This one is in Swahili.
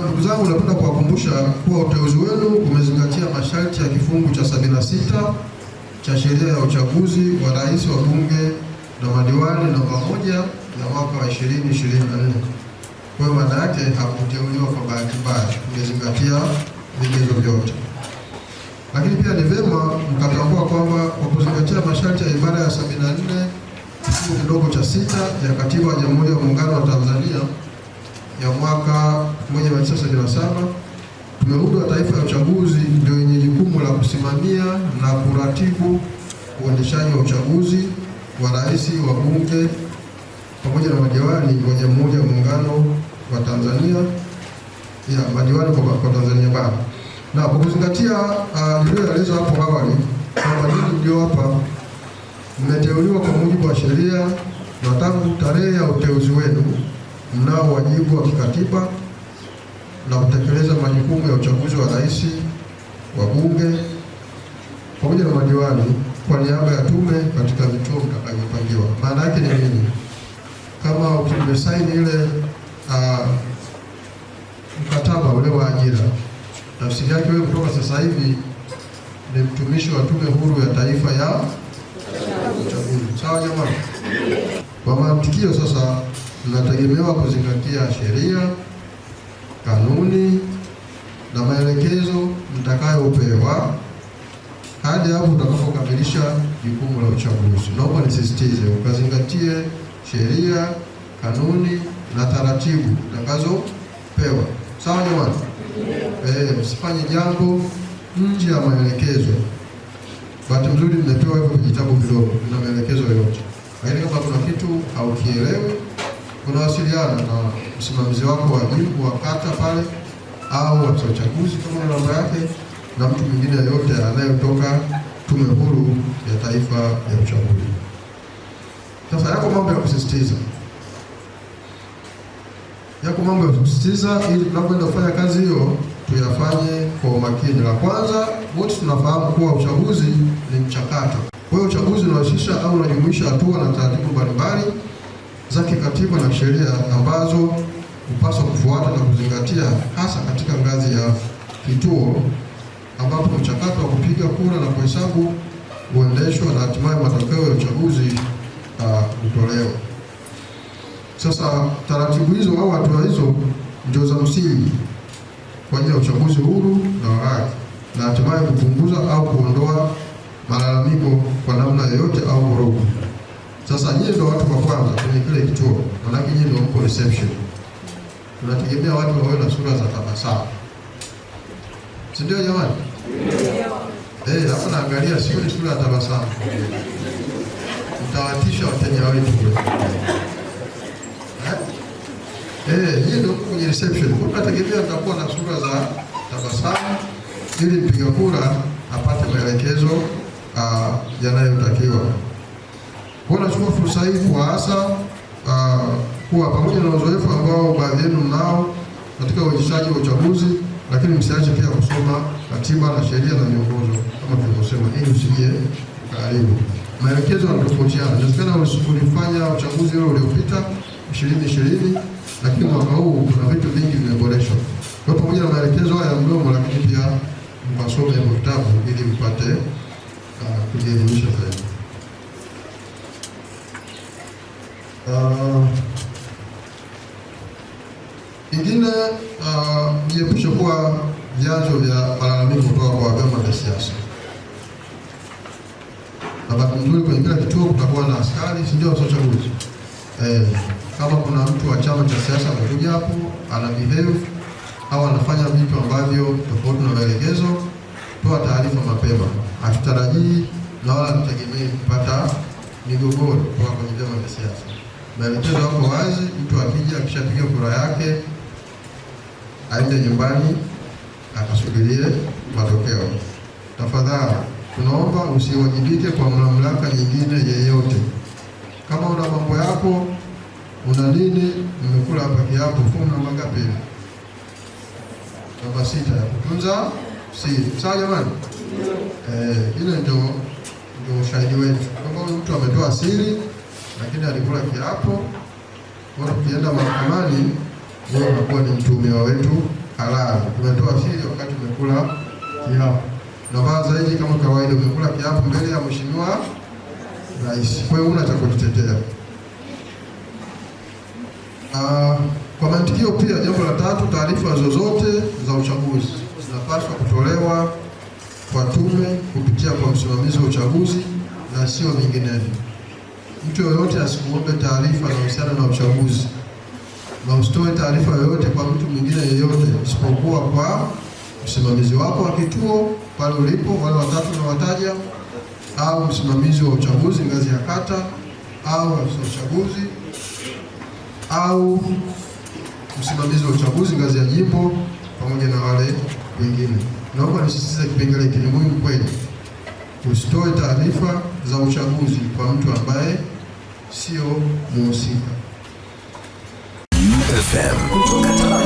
ndugu zangu, napenda kuwakumbusha kuwa uteuzi wenu umezingatia masharti ya kifungu cha 76 cha sheria ya uchaguzi wa rais wa bunge na madiwani namba moja ya mwaka wa 2024. Kwa hiyo maana yake hakuteuliwa kwa bahati mbaya, umezingatia vigezo vyote. Lakini pia ni vema mkatambua kwamba kwa kuzingatia masharti ya ibara ya 74 kifungu kidogo cha sita ya katiba ya Jamhuri ya Muungano wa Tanzania ya mwaka mwenye bajeti Tume Huru ya Taifa ya Uchaguzi ndio yenye jukumu la kusimamia na kuratibu uendeshaji wa uchaguzi wa rais, wa bunge pamoja na madiwani wa Jamhuri ya Muungano wa Tanzania ya madiwani kwa, kwa Tanzania bara na kwa kuzingatia ah, niliyoelezwa uh, hapo awali kwamba ninyi ndio hapa mmeteuliwa kwa mujibu wa sheria na tangu tarehe ya uteuzi wenu mnao wajibu wa kikatiba na kutekeleza majukumu ya uchaguzi wa rais, bunge pamoja na madiwani kwa niaba ya tume katika vituo mtakavyopangiwa. Maana yake ni nini? Kama ukimesaini ile uh, mkataba ule wa ajira, tafsiri yake wewe kutoka sasa hivi ni mtumishi wa Tume Huru ya Taifa ya Uchaguzi. Sawa jamani? Kwa mantikio sasa tunategemewa kuzingatia sheria kanuni na maelekezo mtakayopewa hadi hapo utakapokamilisha jukumu la uchaguzi. Naomba nisisitize, ukazingatie sheria, kanuni na taratibu mtakazopewa. Sawa jamani? Yeah. Eh, msifanye jambo nje ya maelekezo. Bahati mzuri mmepewa hivyo vijitabu vidogo na maelekezo yote, lakini kama kuna kitu haukielewi unawasiliana na msimamizi wako wa jimbo wa kata pale au afisa uchaguzi kama na namba yake na mtu mwingine yoyote anayetoka Tume Huru ya Taifa ya Uchaguzi. Sasa yako mambo ya kusisitiza, yako mambo ya kusisitiza, ili tunapoenda kufanya kazi hiyo tuyafanye kwa umakini. La kwanza, wote tunafahamu kuwa uchaguzi ni mchakato. Kwa hiyo uchaguzi unahusisha au unajumuisha hatua na taratibu mbalimbali za kikatiba na sheria ambazo hupaswa kufuata na kuzingatia hasa katika ngazi ya kituo ambapo mchakato wa kupiga kura na kuhesabu huendeshwa na hatimaye matokeo ya uchaguzi kutolewa. Ah, uh, sasa taratibu hizo au hatua hizo ndio za msingi kwa ajili ya uchaguzi huru na wa haki na hatimaye kupunguza au kuondoa malalamiko kwa namna yoyote sasa nyinyi ndio watu wa kwanza kwenye kile kituo, maanake nyinyi ndio mko reception. Tunategemea watu wawe na sura za tabasamu, si ndio jamani? Eh, hapo naangalia sioni sura ya tabasamu, mtawatisha wateja wetu. Eh, eh nyinyi ndio mko kwenye reception, tunategemea mtakuwa na sura za tabasamu ili mpiga kura apate maelekezo ah, yanayotakiwa. Kwa nachukua fursa hii kwa hasa uh, kuwa pamoja na uzoefu ambao baadhi yenu mnao katika uwezeshaji wa uchaguzi, lakini msiache pia kusoma katiba na sheria na miongozo kama tulivyosema, ili msije karibu maelekezo yanatofautiana. Inawezekana ulifanya uchaguzi ule uliopita ishirini ishirini, lakini mwaka huu kuna vitu vingi vimeboreshwa. Kwa pamoja na maelekezo haya ya mdomo, lakini pia mpasome vitabu ili mpate uh, ah, kujielimisha. vyanzo vya malalamiko kutoka kwa vyama vya siasa, na bahati nzuri kwenye kila kituo kutakuwa na askari, si ndio? Chaguzi eh, kama kuna mtu wa chama cha siasa amekuja hapo ana behave au anafanya vitu ambavyo tofauti na maelekezo, toa taarifa mapema. Hatutarajii na wala hatutegemei kupata migogoro kutoka kwenye vyama vya siasa. Maelekezo yako wazi, mtu akija akishapiga kura yake aende nyumbani akasubirie matokeo. Tafadhali tunaomba usiwajibike kwa mamlaka nyingine yeyote. Kama una mambo yako, una nini, mmekula hapa kiapo. Fomu namba ngapi? Namba sita ya kutunza siri. Sawa jamani, eh, ile ndio ndio ushahidi wetu kwamba huyu mtu ametoa siri, lakini alikula kiapo. Tukienda mahakamani, yeye anakuwa ni mtuhumiwa wetu haramu. Tumetoa siri wakati umekula kiapo, na maana zaidi, kama kawaida, umekula kiapo mbele ya mheshimiwa rais. Kwa hiyo una cha kutetea. Ah, kwa mantikio pia, jambo la tatu, taarifa zozote za uchaguzi zinapaswa kutolewa kwa tume kupitia kwa msimamizi wa uchaguzi na sio vinginevyo. Mtu yoyote asikuombe taarifa za uhusiana na uchaguzi na usitoe taarifa yoyote kwa mtu mwingine yeyote isipokuwa kwa msimamizi wako wa kituo pale ulipo, wale watatu na wataja, au msimamizi wa uchaguzi ngazi ya kata au afisa uchaguzi au msimamizi wa uchaguzi ngazi ya jimbo pamoja na wale wengine. Naomba nisisitize kipengele hiki, ni muhimu kweli. Usitoe taarifa za uchaguzi kwa mtu ambaye sio muhusika. FM.